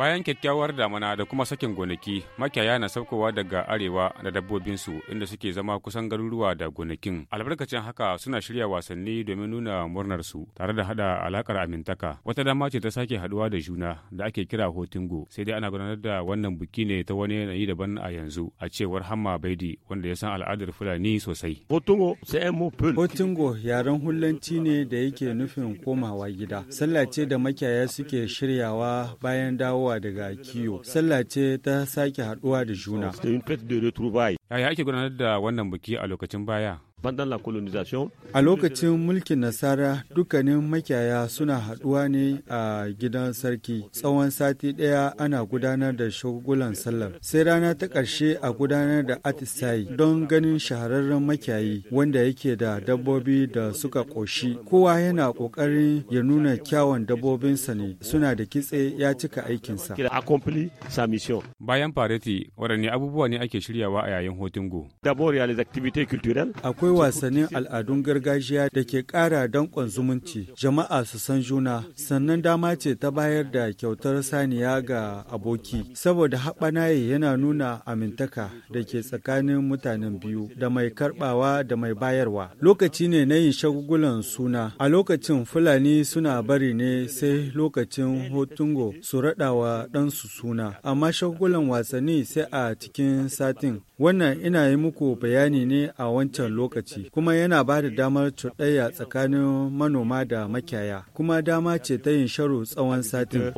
Bayan kyakkyawar damana da kuma sakin gonaki, makiyaya na saukowa daga arewa da dabbobinsu inda suke zama kusan garuruwa da gonakin. Albarkacin haka suna shirya wasanni domin nuna murnarsu tare da hada alakar amintaka. Wata dama ce ta sake haduwa da juna da ake kira hotingo sai dai ana gudanar da wannan buki ne ta wani yanayi daban a yanzu a cewar Hamma Baidi wanda ya san al'adar Fulani sosai. Hotingo yaren hullanci ne da yake nufin komawa gida. Sallah ce da makiyaya suke shiryawa bayan dawowa yawa daga kiyo sallah ce ta sake haduwa da juna yaya ake gudanar da wannan biki a lokacin baya A lokacin mulkin nasara dukkanin makiyaya suna haɗuwa ne a gidan sarki tsawon sati ɗaya ana gudanar da shagulan sallar. Sai rana ta ƙarshe a gudanar da atisayi don ganin shahararren makiyayi wanda yake da dabbobi da suka ƙoshi. Kowa yana ƙoƙarin ya nuna kyawun dabbobinsa ne suna da kitse ya cika aikinsa. Bayan fareti, waɗanne abubuwa ne ake shiryawa a yayin hotungo? Akwai akwai wasannin al'adun gargajiya da ke ƙara danƙon zumunci, jama'a su san juna, sannan dama ce ta bayar da kyautar saniya ga aboki, saboda haɓanaye yana nuna amintaka da ke tsakanin mutanen biyu da mai karɓawa da mai bayarwa. Lokaci ne na yin shagugulan suna, a lokacin Fulani suna bari ne sai lokacin Hotungo su raɗawa ɗansu suna, amma shagugulan wasanni sai a cikin satin Wannan ina yi muku bayani ne a wancan lokaci, kuma yana ba da damar cuɗaya tsakanin manoma da makiyaya, kuma dama ce ta yin sharo tsawon satin. Euh,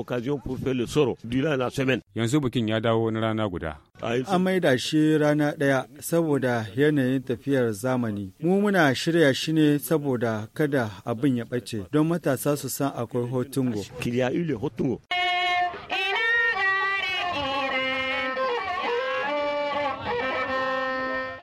Yanzu bikin ya dawo na rana guda. Ah, An maida shi rana ɗaya saboda yanayin tafiyar zamani. Mu muna shirya shi ne saboda kada abin ya ɓace don matasa su san akwai hotungo.